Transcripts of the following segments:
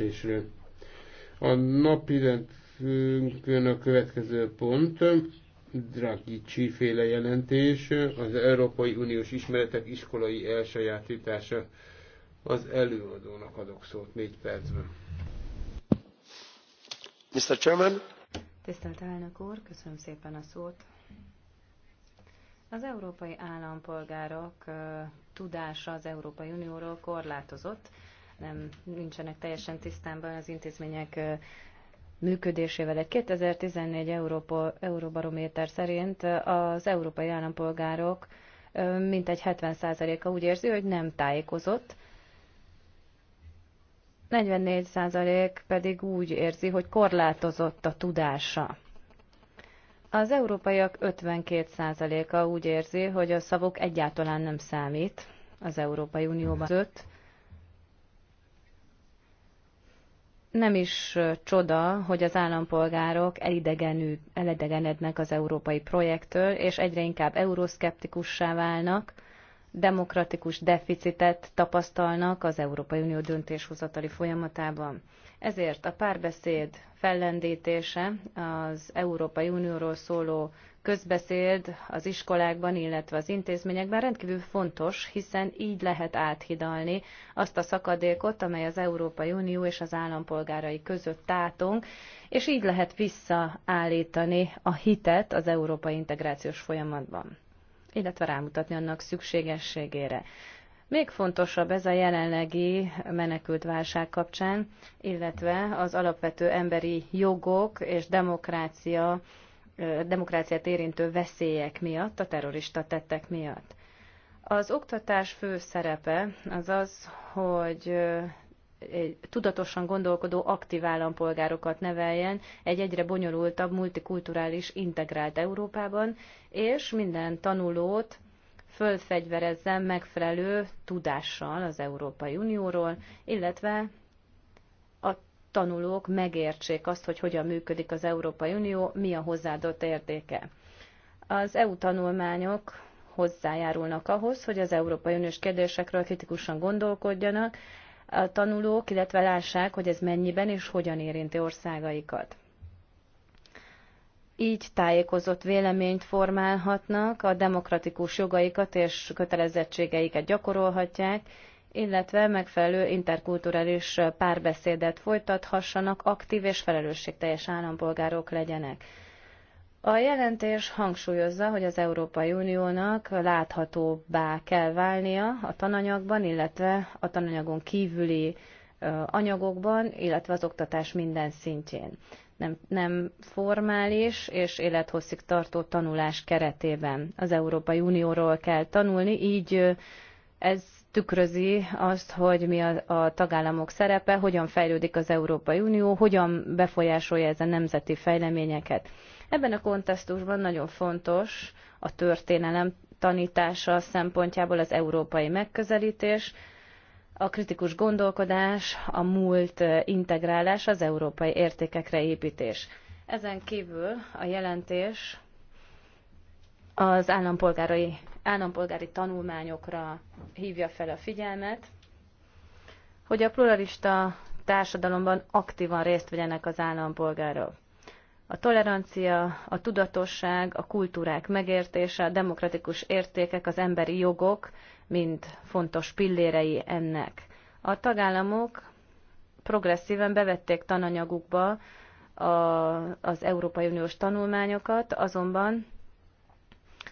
ülésről. A napi rendünkön a következő pont, Draghi féle jelentés, az Európai Uniós ismeretek iskolai elsajátítása. Az előadónak adok szót négy percben. Mr. Chairman. Tisztelt elnök úr, köszönöm szépen a szót. Az európai állampolgárok tudása az Európai Unióról korlátozott, nem nincsenek teljesen tisztában az intézmények működésével. Egy 2014 Európa, Euróbarométer szerint az európai állampolgárok mintegy 70%-a úgy érzi, hogy nem tájékozott, 44% pedig úgy érzi, hogy korlátozott a tudása. Az európaiak 52%-a úgy érzi, hogy a szavok egyáltalán nem számít az Európai Unióban. 5 nem is csoda, hogy az állampolgárok elidegenednek az európai projekttől, és egyre inkább euroszkeptikussá válnak, demokratikus deficitet tapasztalnak az Európai Unió döntéshozatali folyamatában. Ezért a párbeszéd fellendítése az Európai Unióról szóló közbeszéd az iskolákban, illetve az intézményekben rendkívül fontos, hiszen így lehet áthidalni azt a szakadékot, amely az Európai Unió és az állampolgárai között tátunk, és így lehet visszaállítani a hitet az európai integrációs folyamatban illetve rámutatni annak szükségességére. Még fontosabb ez a jelenlegi menekült válság kapcsán, illetve az alapvető emberi jogok és demokrácia, demokráciát érintő veszélyek miatt, a terrorista tettek miatt. Az oktatás fő szerepe az az, hogy tudatosan gondolkodó aktív állampolgárokat neveljen egy egyre bonyolultabb, multikulturális, integrált Európában, és minden tanulót fölfegyverezzen megfelelő tudással az Európai Unióról, illetve a tanulók megértsék azt, hogy hogyan működik az Európai Unió, mi a hozzáadott értéke. Az EU tanulmányok hozzájárulnak ahhoz, hogy az Európai Uniós kérdésekről kritikusan gondolkodjanak, a tanulók, illetve lássák, hogy ez mennyiben és hogyan érinti országaikat. Így tájékozott véleményt formálhatnak, a demokratikus jogaikat és kötelezettségeiket gyakorolhatják, illetve megfelelő interkulturális párbeszédet folytathassanak, aktív és felelősségteljes állampolgárok legyenek. A jelentés hangsúlyozza, hogy az Európai Uniónak láthatóbbá kell válnia a tananyagban, illetve a tananyagon kívüli anyagokban, illetve az oktatás minden szintjén. Nem, nem formális és élethosszig tartó tanulás keretében az Európai Unióról kell tanulni, így ez tükrözi azt, hogy mi a, a tagállamok szerepe, hogyan fejlődik az Európai Unió, hogyan befolyásolja ez a nemzeti fejleményeket. Ebben a kontextusban nagyon fontos a történelem tanítása szempontjából az európai megközelítés, a kritikus gondolkodás, a múlt integrálás, az európai értékekre építés. Ezen kívül a jelentés az állampolgári, állampolgári tanulmányokra hívja fel a figyelmet, hogy a pluralista társadalomban aktívan részt vegyenek az állampolgárok. A tolerancia, a tudatosság, a kultúrák megértése, a demokratikus értékek, az emberi jogok mind fontos pillérei ennek. A tagállamok progresszíven bevették tananyagukba a, az Európai Uniós tanulmányokat, azonban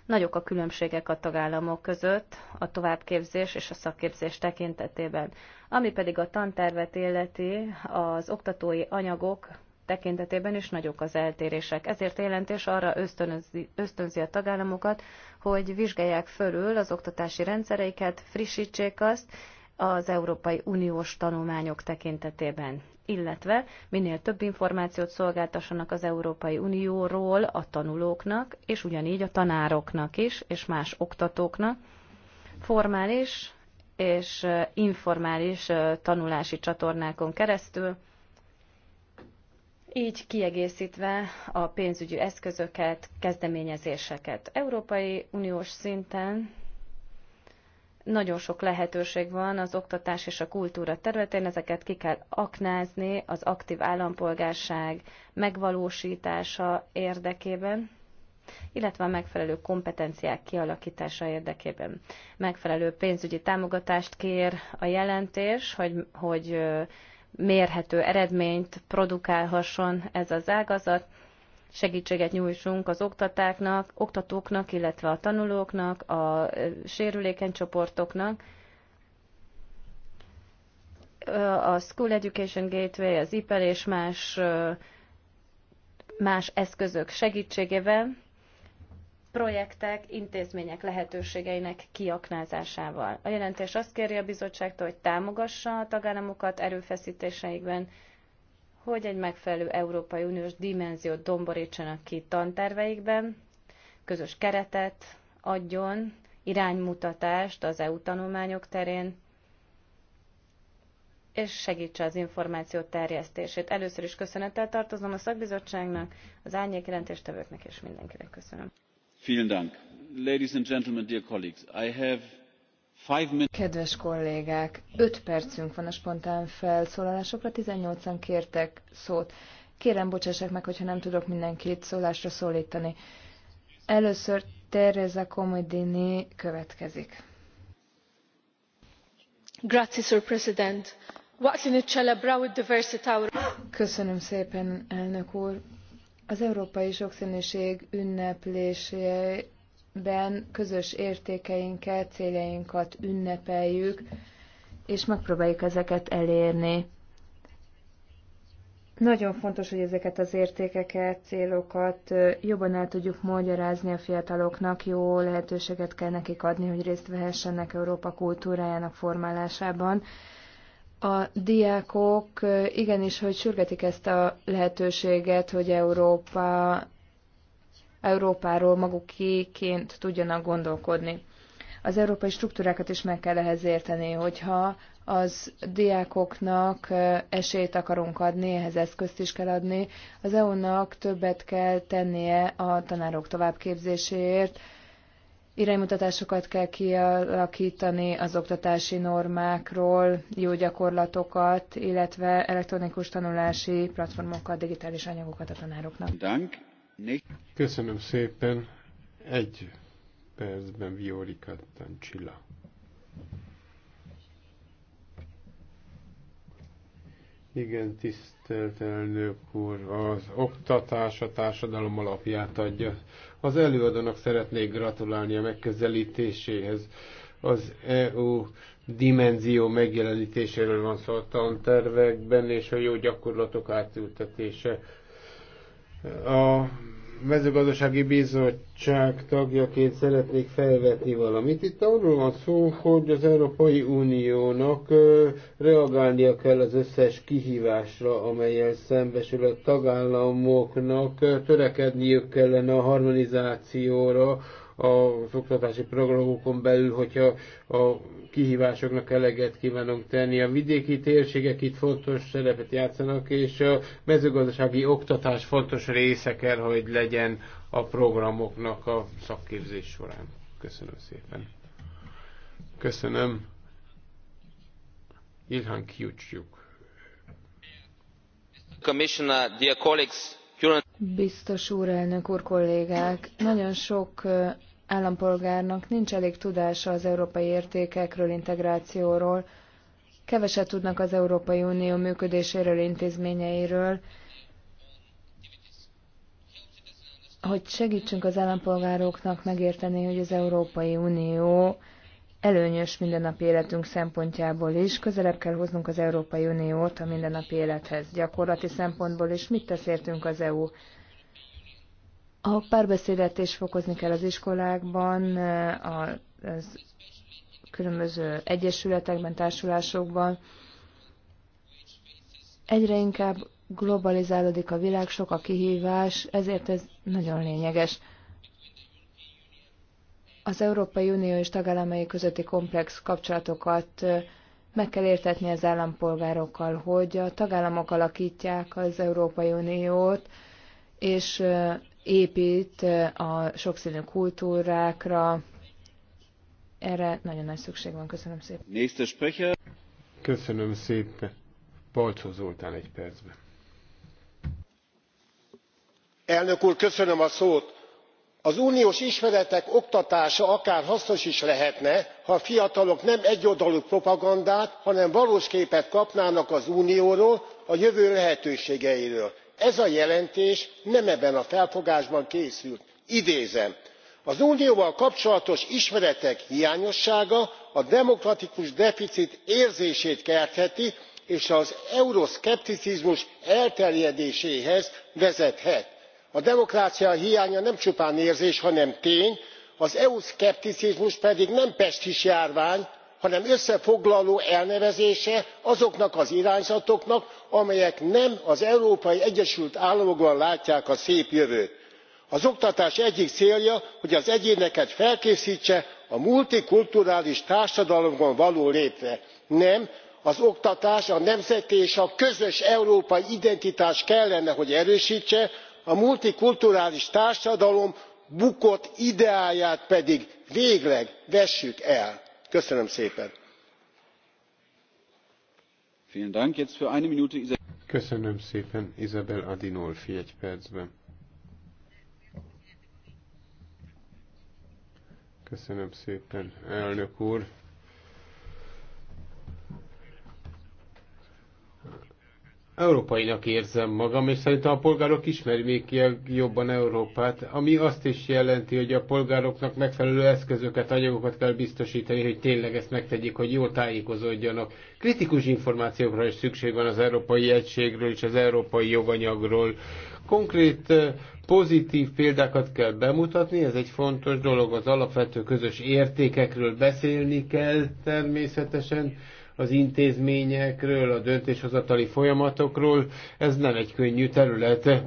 nagyok a különbségek a tagállamok között a továbbképzés és a szakképzés tekintetében. Ami pedig a tantervet illeti, az oktatói anyagok tekintetében is nagyok az eltérések. Ezért jelentés arra ösztönözi, ösztönzi a tagállamokat, hogy vizsgálják fölül az oktatási rendszereiket, frissítsék azt az Európai Uniós tanulmányok tekintetében illetve minél több információt szolgáltassanak az Európai Unióról a tanulóknak, és ugyanígy a tanároknak is, és más oktatóknak, formális és informális tanulási csatornákon keresztül, így kiegészítve a pénzügyi eszközöket, kezdeményezéseket. Európai Uniós szinten nagyon sok lehetőség van az oktatás és a kultúra területén, ezeket ki kell aknázni az aktív állampolgárság megvalósítása érdekében, illetve a megfelelő kompetenciák kialakítása érdekében. Megfelelő pénzügyi támogatást kér a jelentés, hogy, hogy mérhető eredményt produkálhasson ez az ágazat. Segítséget nyújtsunk az oktatáknak, oktatóknak, illetve a tanulóknak, a sérülékeny csoportoknak. A School Education Gateway, az IPEL és más, más eszközök segítségével projektek, intézmények lehetőségeinek kiaknázásával. A jelentés azt kéri a bizottságtól, hogy támogassa a tagállamokat erőfeszítéseikben, hogy egy megfelelő Európai Uniós dimenziót domborítsanak ki tanterveikben, közös keretet adjon, iránymutatást az EU tanulmányok terén, és segítse az információ terjesztését. Először is köszönettel tartozom a szakbizottságnak, az árnyék jelentéstevőknek és mindenkinek köszönöm. Kedves kollégák, öt percünk van a spontán felszólalásokra, 18-an kértek szót. Kérem, bocsássák meg, hogyha nem tudok mindenkit szólásra szólítani. Először Teresa Comodini következik. Grazie, Sir President. Köszönöm szépen, elnök úr az európai sokszínűség ünneplésében közös értékeinket, céljainkat ünnepeljük, és megpróbáljuk ezeket elérni. Nagyon fontos, hogy ezeket az értékeket, célokat jobban el tudjuk magyarázni a fiataloknak, jó lehetőséget kell nekik adni, hogy részt vehessenek Európa kultúrájának formálásában a diákok igenis, hogy sürgetik ezt a lehetőséget, hogy Európa, Európáról maguk kiként tudjanak gondolkodni. Az európai struktúrákat is meg kell ehhez érteni, hogyha az diákoknak esélyt akarunk adni, ehhez eszközt is kell adni. Az EU-nak többet kell tennie a tanárok továbbképzéséért, Iránymutatásokat kell kialakítani az oktatási normákról, jó gyakorlatokat, illetve elektronikus tanulási platformokat, digitális anyagokat a tanároknak. Köszönöm szépen. Egy percben Viorika Tancsilla. Igen, tisztelt elnök úr, az oktatás a társadalom alapját adja. Az előadónak szeretnék gratulálni a megközelítéséhez. Az EU dimenzió megjelenítéséről van szó a tervekben és a jó gyakorlatok átültetése. A mezőgazdasági bizottság tagjaként szeretnék felvetni valamit. Itt arról van szó, hogy az Európai Uniónak reagálnia kell az összes kihívásra, amelyel szembesül a tagállamoknak, törekedniük kellene a harmonizációra, az oktatási programokon belül, hogyha a kihívásoknak eleget kívánunk tenni. A vidéki térségek itt fontos szerepet játszanak, és a mezőgazdasági oktatás fontos része kell, hogy legyen a programoknak a szakképzés során. Köszönöm szépen. Köszönöm. Ilhan Kiucsiuk. Commissioner, dear colleagues, Biztos úr, elnök úr, kollégák, nagyon sok állampolgárnak nincs elég tudása az európai értékekről, integrációról, keveset tudnak az Európai Unió működéséről, intézményeiről, hogy segítsünk az állampolgároknak megérteni, hogy az Európai Unió előnyös mindennapi életünk szempontjából is, közelebb kell hoznunk az Európai Uniót a mindennapi élethez. Gyakorlati szempontból is mit tesz értünk az EU a párbeszédet is fokozni kell az iskolákban, a az különböző egyesületekben, társulásokban. Egyre inkább globalizálódik a világ, sok a kihívás, ezért ez nagyon lényeges. Az Európai Unió és tagállamai közötti komplex kapcsolatokat meg kell értetni az állampolgárokkal, hogy a tagállamok alakítják az Európai Uniót, és épít a sokszínű kultúrákra. Erre nagyon nagy szükség van. Köszönöm szépen. Nächste Sprecher. Köszönöm szépen. Balcsó Zoltán egy percben. Elnök úr, köszönöm a szót. Az uniós ismeretek oktatása akár hasznos is lehetne, ha a fiatalok nem egyoldalú propagandát, hanem valós képet kapnának az unióról, a jövő lehetőségeiről ez a jelentés nem ebben a felfogásban készült idézem az unióval kapcsolatos ismeretek hiányossága a demokratikus deficit érzését keltheti és az euroszkepticizmus elterjedéséhez vezethet. a demokrácia hiánya nem csupán érzés hanem tény az eu szkepticizmus pedig nem pestisjárvány hanem összefoglaló elnevezése azoknak az irányzatoknak amelyek nem az európai egyesült államokban látják a szép jövőt. az oktatás egyik célja hogy az egyéneket felkésztse a multikulturális társadalomban való létre. nem az oktatás a nemzeti és a közös európai identitást kellene hogy erőstse a multikulturális társadalom bukott ideáját pedig végleg vessük el köszönöm szépen! köszönöm szépen isabel adinolfi egy percben. köszönöm szépen elnök úr! Európainak érzem magam, és szerintem a polgárok ismerik jobban Európát, ami azt is jelenti, hogy a polgároknak megfelelő eszközöket, anyagokat kell biztosítani, hogy tényleg ezt megtegyék, hogy jól tájékozódjanak. Kritikus információkra is szükség van az európai egységről és az európai joganyagról. Konkrét eh, pozitív példákat kell bemutatni, ez egy fontos dolog, az alapvető közös értékekről beszélni kell természetesen, az intézményekről, a döntéshozatali folyamatokról. Ez nem egy könnyű terület.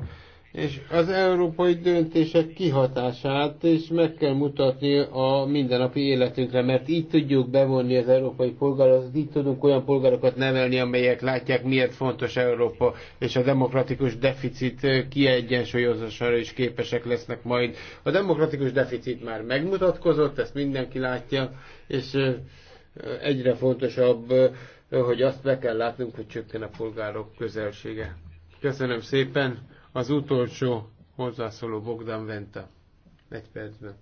És az európai döntések kihatását is meg kell mutatni a mindennapi életünkre, mert így tudjuk bevonni az európai polgárokat, így tudunk olyan polgárokat nevelni, amelyek látják, miért fontos Európa, és a demokratikus deficit kiegyensúlyozására is képesek lesznek majd. A demokratikus deficit már megmutatkozott, ezt mindenki látja, és egyre fontosabb, hogy azt be kell látnunk, hogy csökken a polgárok közelsége. Köszönöm szépen. Az utolsó hozzászóló Bogdan Venta. Egy percben.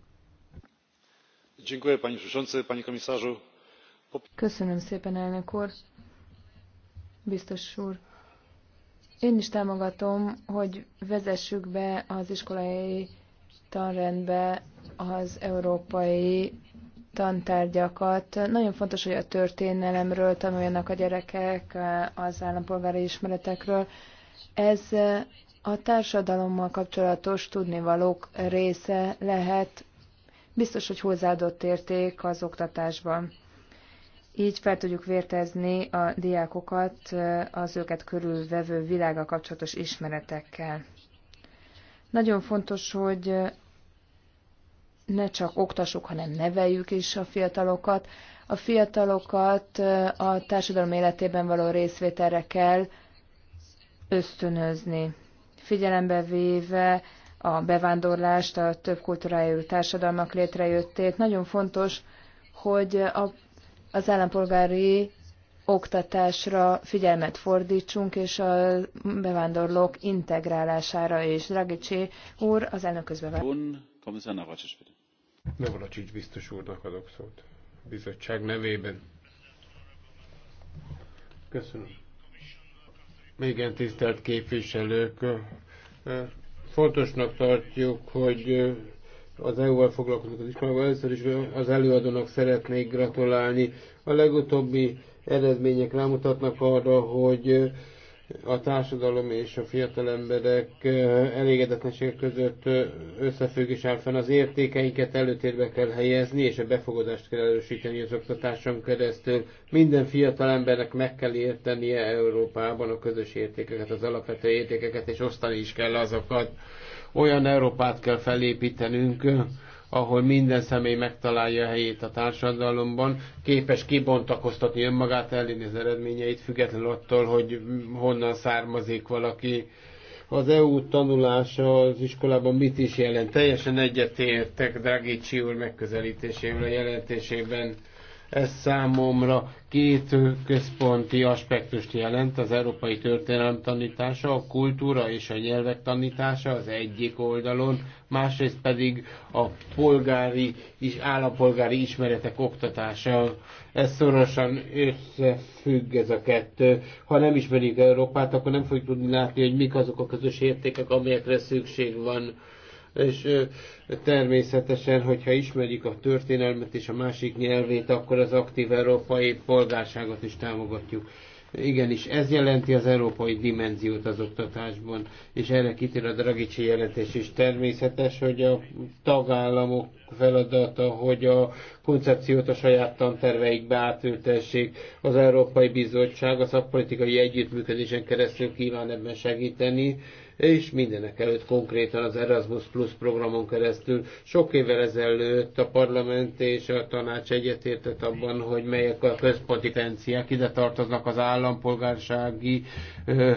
Köszönöm szépen, elnök úr. Biztos úr. Én is támogatom, hogy vezessük be az iskolai tanrendbe az európai tantárgyakat. Nagyon fontos, hogy a történelemről tanuljanak a gyerekek, az állampolgári ismeretekről. Ez a társadalommal kapcsolatos tudnivalók része lehet, biztos, hogy hozzáadott érték az oktatásban. Így fel tudjuk vértezni a diákokat az őket körülvevő világa kapcsolatos ismeretekkel. Nagyon fontos, hogy ne csak oktassuk, hanem neveljük is a fiatalokat. A fiatalokat a társadalom életében való részvételre kell ösztönözni. Figyelembe véve a bevándorlást, a több kultúrájú társadalmak létrejöttét, nagyon fontos, hogy a, az állampolgári oktatásra figyelmet fordítsunk, és a bevándorlók integrálására is. Dragicsi úr, az elnök közbevágó. Navracsics biztos úrnak adok szót. Bizottság nevében. Köszönöm. Igen, tisztelt képviselők. Fontosnak tartjuk, hogy az EU-val foglalkozunk az iskolában. Először is az előadónak szeretnék gratulálni. A legutóbbi eredmények rámutatnak arra, hogy a társadalom és a fiatal emberek eh, elégedetlensége között eh, összefüggés áll fenn. Az értékeinket előtérbe kell helyezni, és a befogadást kell erősíteni az oktatáson keresztül. Minden fiatal embernek meg kell értenie Európában a közös értékeket, az alapvető értékeket, és osztani is kell azokat. Olyan Európát kell felépítenünk, ahol minden személy megtalálja a helyét a társadalomban, képes kibontakoztatni önmagát, elérni az eredményeit, függetlenül attól, hogy honnan származik valaki. Az EU tanulása az iskolában mit is jelent? Teljesen egyetértek Dragicsi úr megközelítésével a jelentésében. Ez számomra két központi aspektust jelent, az európai történelem tanítása, a kultúra és a nyelvek tanítása az egyik oldalon, másrészt pedig a polgári és állampolgári ismeretek oktatása. Ez szorosan összefügg ez a kettő. Ha nem ismerik Európát, akkor nem fogjuk tudni látni, hogy mik azok a közös értékek, amelyekre szükség van és természetesen, hogyha ismerjük a történelmet és a másik nyelvét, akkor az aktív európai polgárságot is támogatjuk. Igenis, ez jelenti az európai dimenziót az oktatásban, és erre kitér a Dragicsi jelentés is. Természetes, hogy a tagállamok feladata, hogy a koncepciót a saját tanterveikbe átültessék. Az Európai Bizottság a szakpolitikai együttműködésen keresztül kíván ebben segíteni és mindenek előtt konkrétan az Erasmus Plus programon keresztül. Sok évvel ezelőtt a parlament és a tanács egyetértett abban, hogy melyek a központi tendenciák, ide tartoznak az állampolgársági ö,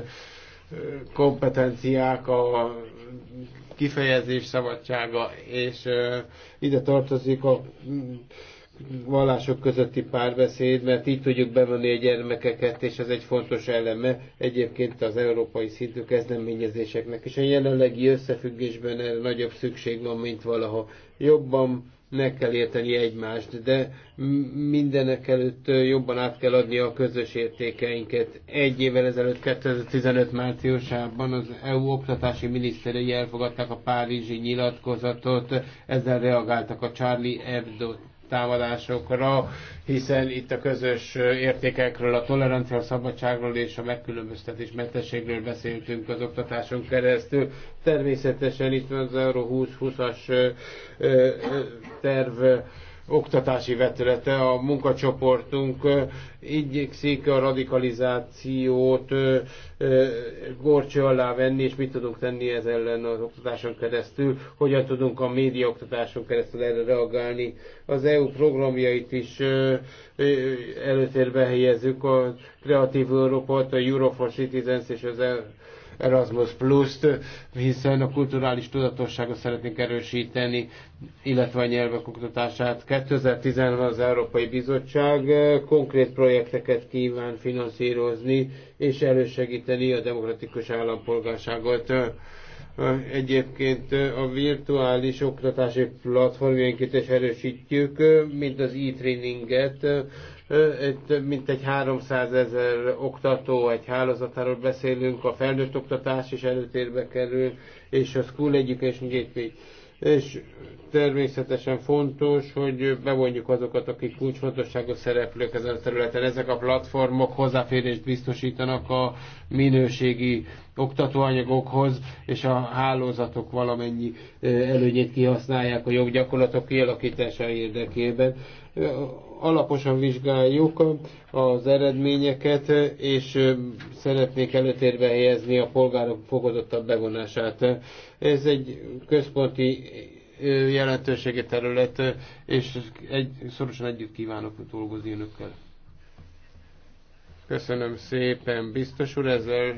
kompetenciák, a kifejezés szabadsága, és ide tartozik a vallások közötti párbeszéd, mert így tudjuk bevonni a gyermekeket, és ez egy fontos eleme egyébként az európai szintű kezdeményezéseknek. És a jelenlegi összefüggésben erre nagyobb szükség van, mint valaha. Jobban meg kell érteni egymást, de mindenek előtt jobban át kell adni a közös értékeinket. Egy évvel ezelőtt, 2015 márciusában az EU oktatási miniszterei elfogadták a Párizsi nyilatkozatot, ezzel reagáltak a Charlie Hebdo támadásokra, hiszen itt a közös értékekről, a tolerancia, a szabadságról és a megkülönböztetés mentességről beszéltünk az oktatáson keresztül. Természetesen itt van az Euró 20 as terv, oktatási vetülete. A munkacsoportunk igyekszik a radikalizációt gorcső alá venni, és mit tudunk tenni ez ellen az oktatáson keresztül, hogyan tudunk a média oktatáson keresztül erre reagálni. Az EU programjait is előtérbe helyezzük, a Kreatív Európát, a Euro for Citizens és az e Erasmus Plus-t, hiszen a kulturális tudatosságot szeretnénk erősíteni, illetve a nyelvek oktatását. 2016 az Európai Bizottság eh, konkrét projekteket kíván finanszírozni és elősegíteni a demokratikus állampolgárságot. Eh, egyébként eh, a virtuális oktatási platformjainkat is erősítjük, mint az e-traininget, több mint egy 300 ezer oktató, egy hálózatáról beszélünk, a felnőtt oktatás is előtérbe kerül, és a School Education Gateway. És természetesen fontos, hogy bevonjuk azokat, akik kulcsfontosságú szereplők ezen a területen. Ezek a platformok hozzáférést biztosítanak a minőségi oktatóanyagokhoz, és a hálózatok valamennyi eh, előnyét kihasználják a jobb gyakorlatok kialakítása érdekében. Eh, alaposan vizsgáljuk az eredményeket, és eh, szeretnék előtérbe helyezni a polgárok fokozottabb bevonását. Ez egy központi jelentősége terület, és egy, szorosan együtt kívánok dolgozni önökkel. Köszönöm szépen, biztos úr, ezzel